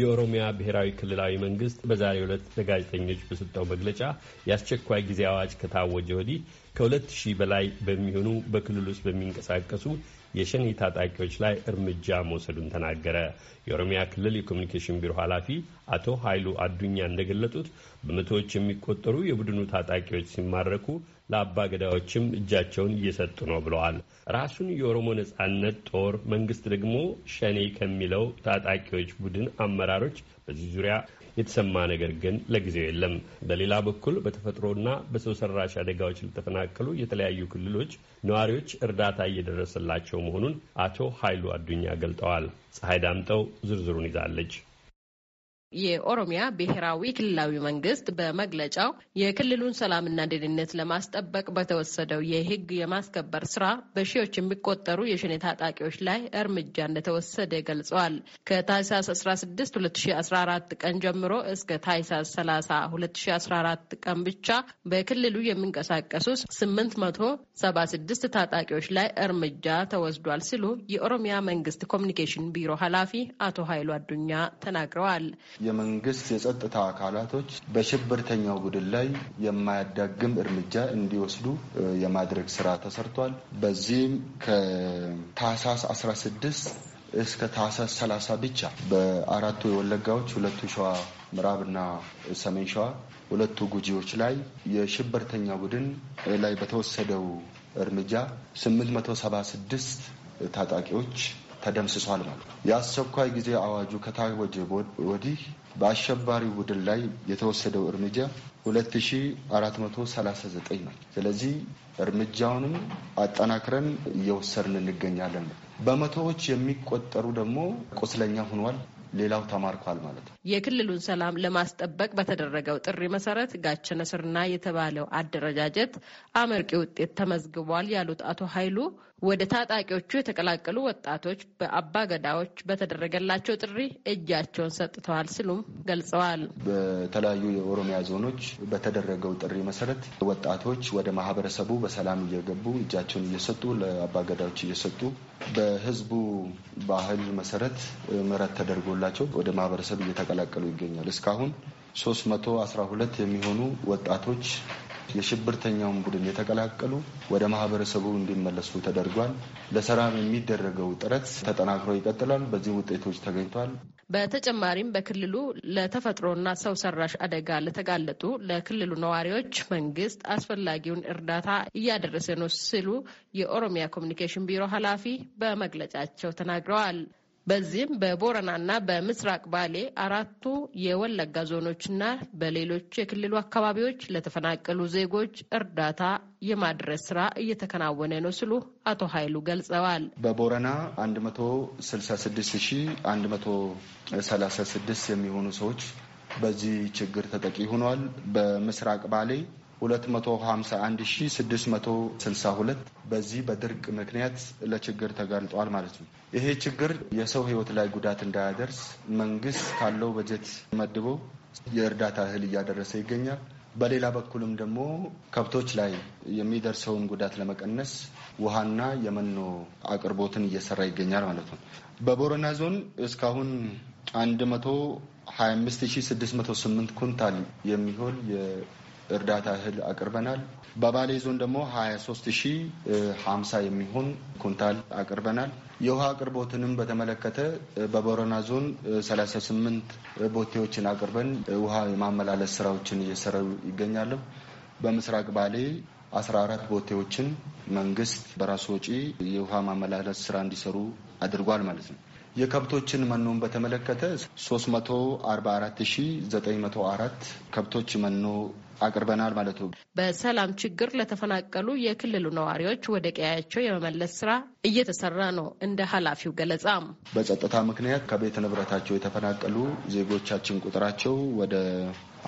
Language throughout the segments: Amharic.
የኦሮሚያ ብሔራዊ ክልላዊ መንግስት በዛሬው ዕለት ለጋዜጠኞች በሰጠው መግለጫ የአስቸኳይ ጊዜ አዋጅ ከታወጀ ወዲህ ከሁለት ሺህ በላይ በሚሆኑ በክልል ውስጥ በሚንቀሳቀሱ የሸኔ ታጣቂዎች ላይ እርምጃ መውሰዱን ተናገረ። የኦሮሚያ ክልል የኮሚኒኬሽን ቢሮ ኃላፊ አቶ ኃይሉ አዱኛ እንደገለጡት በመቶዎች የሚቆጠሩ የቡድኑ ታጣቂዎች ሲማረኩ ለአባ ገዳዮችም እጃቸውን እየሰጡ ነው ብለዋል። ራሱን የኦሮሞ ነጻነት ጦር መንግስት ደግሞ ሸኔ ከሚለው ታጣቂዎች ቡድን አመራሮች በዚህ ዙሪያ የተሰማ ነገር ግን ለጊዜው የለም። በሌላ በኩል በተፈጥሮና በሰው ሰራሽ አደጋዎች ለተፈናቀሉ የተለያዩ ክልሎች ነዋሪዎች እርዳታ እየደረሰላቸው መሆኑን አቶ ኃይሉ አዱኛ ገልጠዋል። ፀሐይ ዳምጠው ዝርዝሩን ይዛለች። የኦሮሚያ ብሔራዊ ክልላዊ መንግስት በመግለጫው የክልሉን ሰላምና ደህንነት ለማስጠበቅ በተወሰደው የህግ የማስከበር ስራ በሺዎች የሚቆጠሩ የሸኔ ታጣቂዎች ላይ እርምጃ እንደተወሰደ ገልጸዋል። ከታህሳስ 16 2014 ቀን ጀምሮ እስከ ታህሳስ 30 2014 ቀን ብቻ በክልሉ የሚንቀሳቀሱ 876 ታጣቂዎች ላይ እርምጃ ተወስዷል ሲሉ የኦሮሚያ መንግስት ኮሚኒኬሽን ቢሮ ኃላፊ አቶ ኃይሉ አዱኛ ተናግረዋል። የመንግስት የጸጥታ አካላቶች በሽብርተኛው ቡድን ላይ የማያዳግም እርምጃ እንዲወስዱ የማድረግ ስራ ተሰርቷል። በዚህም ከታህሳስ 16 እስከ ታህሳስ 30 ብቻ በአራቱ የወለጋዎች ሁለቱ ሸዋ ምዕራብና ሰሜን ሸዋ ሁለቱ ጉጂዎች ላይ የሽብርተኛ ቡድን ላይ በተወሰደው እርምጃ 876 ታጣቂዎች ተደምስሷል ማለት ነው። የአስቸኳይ ጊዜ አዋጁ ከታወጀ ወዲህ በአሸባሪ ቡድን ላይ የተወሰደው እርምጃ 2439 ነው። ስለዚህ እርምጃውንም አጠናክረን እየወሰድን እንገኛለን። በመቶዎች የሚቆጠሩ ደግሞ ቁስለኛ ሆኗል። ሌላው ተማርኳል ማለት ነው። የክልሉን ሰላም ለማስጠበቅ በተደረገው ጥሪ መሰረት ጋቸነ ስርና የተባለው አደረጃጀት አመርቂ ውጤት ተመዝግቧል ያሉት አቶ ኃይሉ ወደ ታጣቂዎቹ የተቀላቀሉ ወጣቶች በአባ ገዳዎች በተደረገላቸው ጥሪ እጃቸውን ሰጥተዋል ሲሉም ገልጸዋል። በተለያዩ የኦሮሚያ ዞኖች በተደረገው ጥሪ መሰረት ወጣቶች ወደ ማህበረሰቡ በሰላም እየገቡ እጃቸውን እየሰጡ ለአባ ገዳዎች እየሰጡ በህዝቡ ባህል መሰረት ምህረት ተደርጎላቸው ወደ ማህበረሰብ እየተቀላቀሉ ይገኛል። እስካሁን 312 የሚሆኑ ወጣቶች የሽብርተኛውን ቡድን የተቀላቀሉ ወደ ማህበረሰቡ እንዲመለሱ ተደርጓል። ለሰላም የሚደረገው ጥረት ተጠናክሮ ይቀጥላል። በዚህ ውጤቶች ተገኝቷል። በተጨማሪም በክልሉ ለተፈጥሮና ሰው ሰራሽ አደጋ ለተጋለጡ ለክልሉ ነዋሪዎች መንግስት አስፈላጊውን እርዳታ እያደረሰ ነው ሲሉ የኦሮሚያ ኮሚኒኬሽን ቢሮ ኃላፊ በመግለጫቸው ተናግረዋል። በዚህም በቦረናና በምስራቅ ባሌ አራቱ የወለጋ ዞኖችና በሌሎች የክልሉ አካባቢዎች ለተፈናቀሉ ዜጎች እርዳታ የማድረስ ስራ እየተከናወነ ነው ሲሉ አቶ ኃይሉ ገልጸዋል። በቦረና 166136 የሚሆኑ ሰዎች በዚህ ችግር ተጠቂ ሆኗል። በምስራቅ ባሌ 251662 በዚህ በድርቅ ምክንያት ለችግር ተጋልጧል ማለት ነው። ይሄ ችግር የሰው ሕይወት ላይ ጉዳት እንዳያደርስ መንግስት ካለው በጀት መድቦ የእርዳታ እህል እያደረሰ ይገኛል። በሌላ በኩልም ደግሞ ከብቶች ላይ የሚደርሰውን ጉዳት ለመቀነስ ውሃና የመኖ አቅርቦትን እየሰራ ይገኛል ማለት ነው። በቦረና ዞን እስካሁን 125,608 ኩንታል የሚሆን እርዳታ እህል አቅርበናል። በባሌ ዞን ደግሞ 23050 የሚሆን ኩንታል አቅርበናል። የውሃ አቅርቦትንም በተመለከተ በቦረና ዞን 38 ቦቴዎችን አቅርበን ውሃ የማመላለስ ስራዎችን እየሰሩ ይገኛሉ። በምስራቅ ባሌ 14 ቦቴዎችን መንግስት በራሱ ወጪ የውሃ ማመላለስ ስራ እንዲሰሩ አድርጓል ማለት ነው። የከብቶችን መኖን በተመለከተ 344904 ከብቶች መኖ አቅርበናል ማለት ነው። በሰላም ችግር ለተፈናቀሉ የክልሉ ነዋሪዎች ወደ ቀያቸው የመመለስ ስራ እየተሰራ ነው። እንደ ኃላፊው ገለጻም በጸጥታ ምክንያት ከቤት ንብረታቸው የተፈናቀሉ ዜጎቻችን ቁጥራቸው ወደ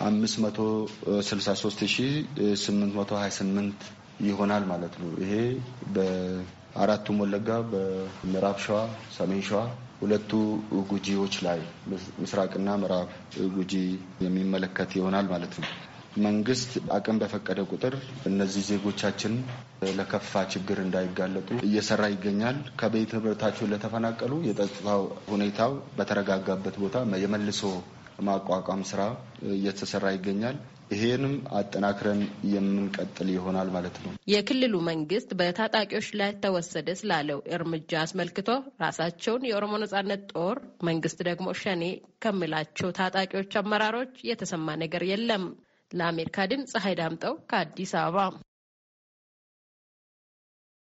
563828 ይሆናል ማለት ነው። ይሄ አራቱም ወለጋ፣ በምዕራብ ሸዋ፣ ሰሜን ሸዋ ሁለቱ ጉጂዎች ላይ ምስራቅና ምዕራብ ጉጂ የሚመለከት ይሆናል ማለት ነው። መንግስት አቅም በፈቀደ ቁጥር እነዚህ ዜጎቻችን ለከፋ ችግር እንዳይጋለጡ እየሰራ ይገኛል። ከቤት ንብረታቸው ለተፈናቀሉ የጸጥታው ሁኔታው በተረጋጋበት ቦታ የመልሶ ማቋቋም ስራ እየተሰራ ይገኛል። ይሄንም አጠናክረን የምንቀጥል ይሆናል ማለት ነው። የክልሉ መንግስት በታጣቂዎች ላይ ተወሰደ ስላለው እርምጃ አስመልክቶ ራሳቸውን የኦሮሞ ነጻነት ጦር መንግስት ደግሞ ሸኔ ከሚላቸው ታጣቂዎች አመራሮች የተሰማ ነገር የለም። ለአሜሪካ ድምፅ ፀሐይ ዳምጠው ከአዲስ አበባ